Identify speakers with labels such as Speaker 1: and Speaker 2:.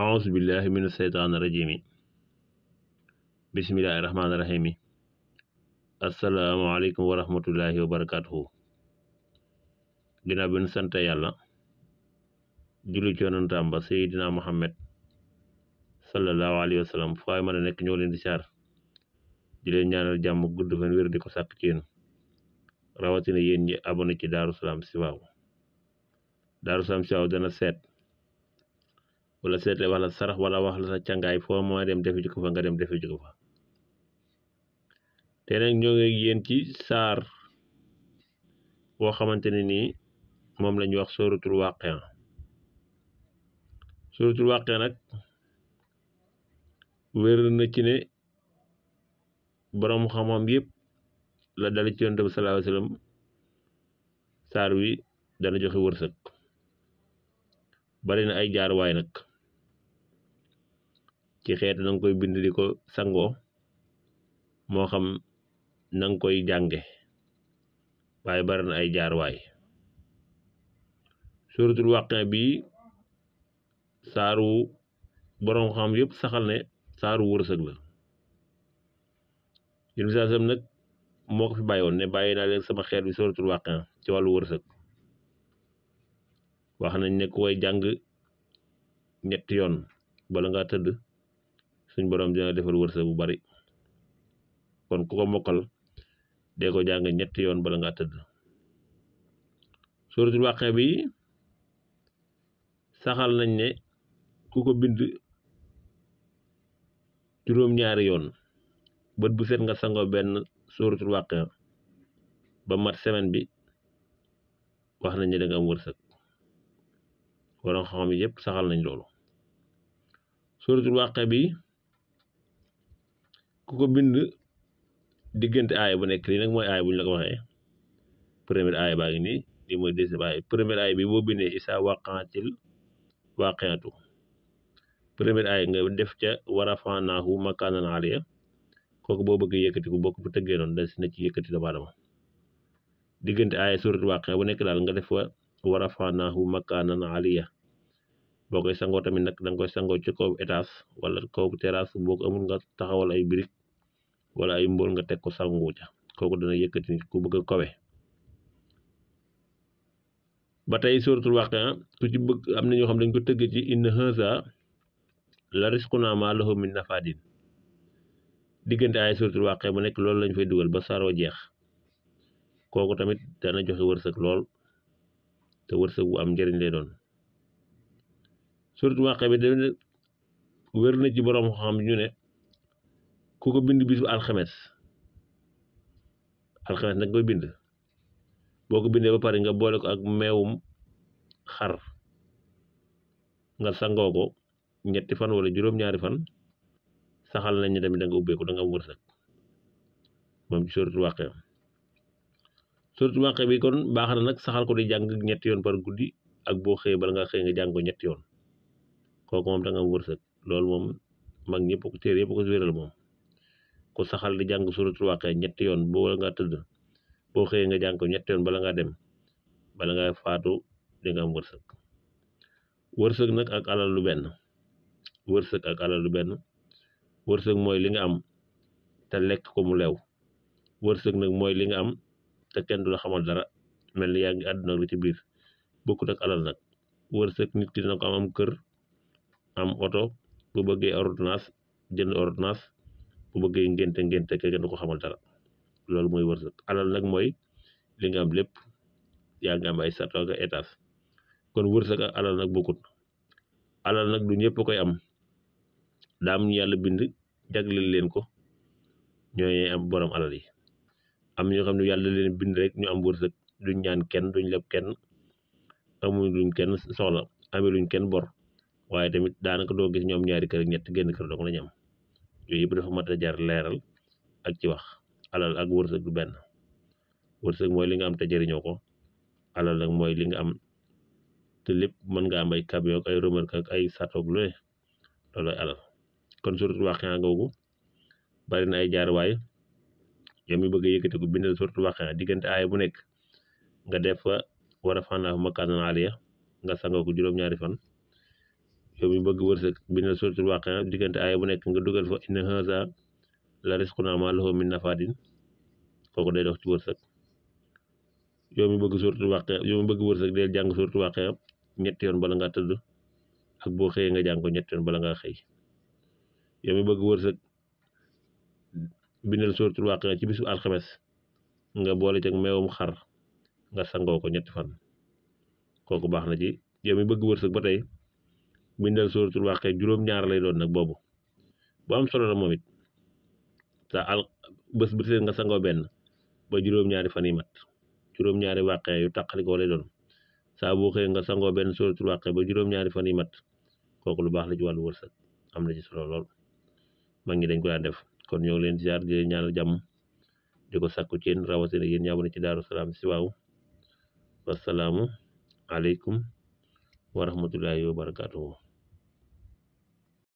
Speaker 1: auzu billahi mina seytaani rajimi bismillahi rahmaani rahimi asalaamaaleykum wa rahmatullahi wa barakaatuhu ginnaaw bi nu sant yàlla julli ci yonantaam ba Seydina Muhammad sallallahu alayhi wa sallam fu a nekk ñoo leen di saar di leen ñaanal jàmm gudd fan wér di ko sàkk ci yéen rawatina yéen ñi abonné ci Daaru Salaam Chifaou Daaru Salaam Chifaou dana seet wala seetle wax la sarax wala wax la sa càngaay foo ma dem defi ko fa nga dem defi ko fa te nag ñoo ngi yéen ci saar boo xamante ne nii moom la wax sóoratul waaqia sóoratul waaqia nag wér na ci ne boroom xam yépp yëpp la dale ci yonent bi sallallahu alayhi saar wi dana joxe wërsëg bari na ay jaar waay nag ci xeet na koy bind di ko sangoo moo xam nanga koy jànge waaye bari na ay jaarwaay suratul waqia bi saaru borom xam yëpp saxal ne saaru wërsëg la yén saa sam nag moo ko fi bàyyi woon ne bàyyi naa leen sama xeet bi suratul waqia ci wàllu wërsëg wax nañ ne ku koy jàng ñetti yoon bala ngaa tëdd suñ borom dina defal wërsëg bu bari kon ku ko mokkal dee ko jàng ñetti yoon bala ngaa tëdd suuratul Waaqia bi saxal nañ ne ku ko bind juróom-ñaari yoon bët bu set nga sangoo benn suuratul Waaqia ba mat semaine bi wax nañ ne da nga am wërsëg xam yëpp saxaal nañ loolu suuratul Waaqia bi ku ko bind diggante aaya bu nekk lii nag mooy aaya bu ñu la ko waxee première aaya baa ngi nii lii mooy deuxième aaya première aaya bi boo bindee isa waqaatil waqiatu première aaya nga def ca warafanaahu makaanan aliya kooku boo bëgg yëkkati ku bokk bu tëggee noonu des na ci yëkkati doomu aadama diggante aaya surat nekk daal nga def fa warafanaahu makaanan aliya boo koy sangoo tamit nag da koy sangoo ci kaw étage wala kaw terrasse boo ko amul nga ay briques wala ay mbool nga teg ko sangu ja kooku dana yëkkati nit ku bëgg a kawe ba tey suratul waqia ku ci bëgg am na ñoo xam dañ ko tëgg ci inna haza la risquna ma lahu min nafadin diggante ay suratul waqia bu nekk loolu lañ fay dugal ba saroo jeex kooku tamit dana joxe wërsëg lool te wërsëg bu am njëriñ lay doon suratul waqia bi wér na ci borom xam ñu ne ku ko bind bisu alxemes alxames nag koy bind boo ko bindee ba pare nga boole ko ak meewum xar nga sangoo ko ñetti fan wala juróom-ñaari fan saxal nañ ne tamit da nga ubbeeku da nga am wërsëg moom ci suratul waqia suratul bi kon baax na nag saxal ko di jàng ñetti yoon par guddi ak boo xëyee bala nga xëy nga jàng ko ñetti yoon kooku moom da nga am wërsëg loolu moom mag ñëpp ko téere yëpp ko wéral moom ku saxal di jàng suratul waaqia ñetti yoon boo la ngaa tëdd boo xëyee nga jàng ko ñetti yoon bala ngaa dem bala nga faatu di nga am wërsëg wërsëg nag ak alal lu benn wërsëg ak alal lu benn wërsëg mooy li nga am te lekk ko mu leew wërsëg nag mooy li nga am te kenn du la xamal dara mel ni yaa ngi àdduna lu ci biir bokkut ak alal nag wërsëg nit ki dina ko am kër am oto boo bëggee ordonnance jënd ordonnance bu bëggee ngénte ngénte ke kenn du ko xamal dara loolu mooy wërsëg alal nag mooy li am lépp yaa ngi am ay sarta nga étage kon wërsëg ak alal nag bokkut alal nag du ñëpp koy am daam ñu yàlla bind jagleel leen ko ñooy am borom alal yi am ñoo xam ne yàlla leen bind rek ñu am wërsëg du ñaan kenn duñ leb kenn amuñ luñ kenn soxla amee luñ kenn bor waaye tamit daanaka doo gis ñoom ñaari kër ak ñett génn kër dong la ñu am. yooyu yëpp dafa mat a jar leeral ak ci wax alal ak wërsëg du benn wërsëg mooy li nga am te jëriñoo ko alal nag mooy li nga am te lépp mën nga am ay camion ay remorque ak ay satoog lu ne loolooy kon suratul Waaqia googu bari na ay jaarwaay yow mi bëgg a yëkkati ko bindal suratul Waaqia diggante ay bu nekk nga def fa war a fanaaw makaanan aaliya nga sangoo ko juróom-ñaari fan. yow mi bëgg wërsëg bindal suratul waaqia diggante aaya bu nekk nga dugal fa inna haza la rizqunaa maa lahu min nafaadin kooku day dox ci wërsëg yow mi bëgg suratul waaqia yow mi bëgg wërsëg del jàng suratul waaqia ñetti yoon bala ngaa tëdd ak boo xëyee nga jàng ko ñetti bala ngaa xëy yow mi bëgg wërsëg bindal suratul waaqia ci bisu alxames nga boole ci meewum xar nga sangoo ko ñetti fan kooku baax na ci yow mi bëgg wërsëg ba tey bindal suratul wàqia juróom-ñaar lay doon nag boobu bu am solo la moom it sa al nga sangoo benn ba juróom-ñaari fan yi mat juróom-ñaari wàqia yu tàqalikoo lay doon saa boo xëyee nga sangoo benn suratul wàqia ba juróom-ñaari fan yi mat kooku lu baax la ci wàllu wërsëg am na ci solo lool mag ñi dañ ko daan def kon ñoo ngi leen ziar di leen ñaanal jàmm di ko sàkku ci yéen rawatina yéen ñaaw na ci daaru salaam si waaw wasalaamu aleykum wa rahmatullahi wa barakaatuhu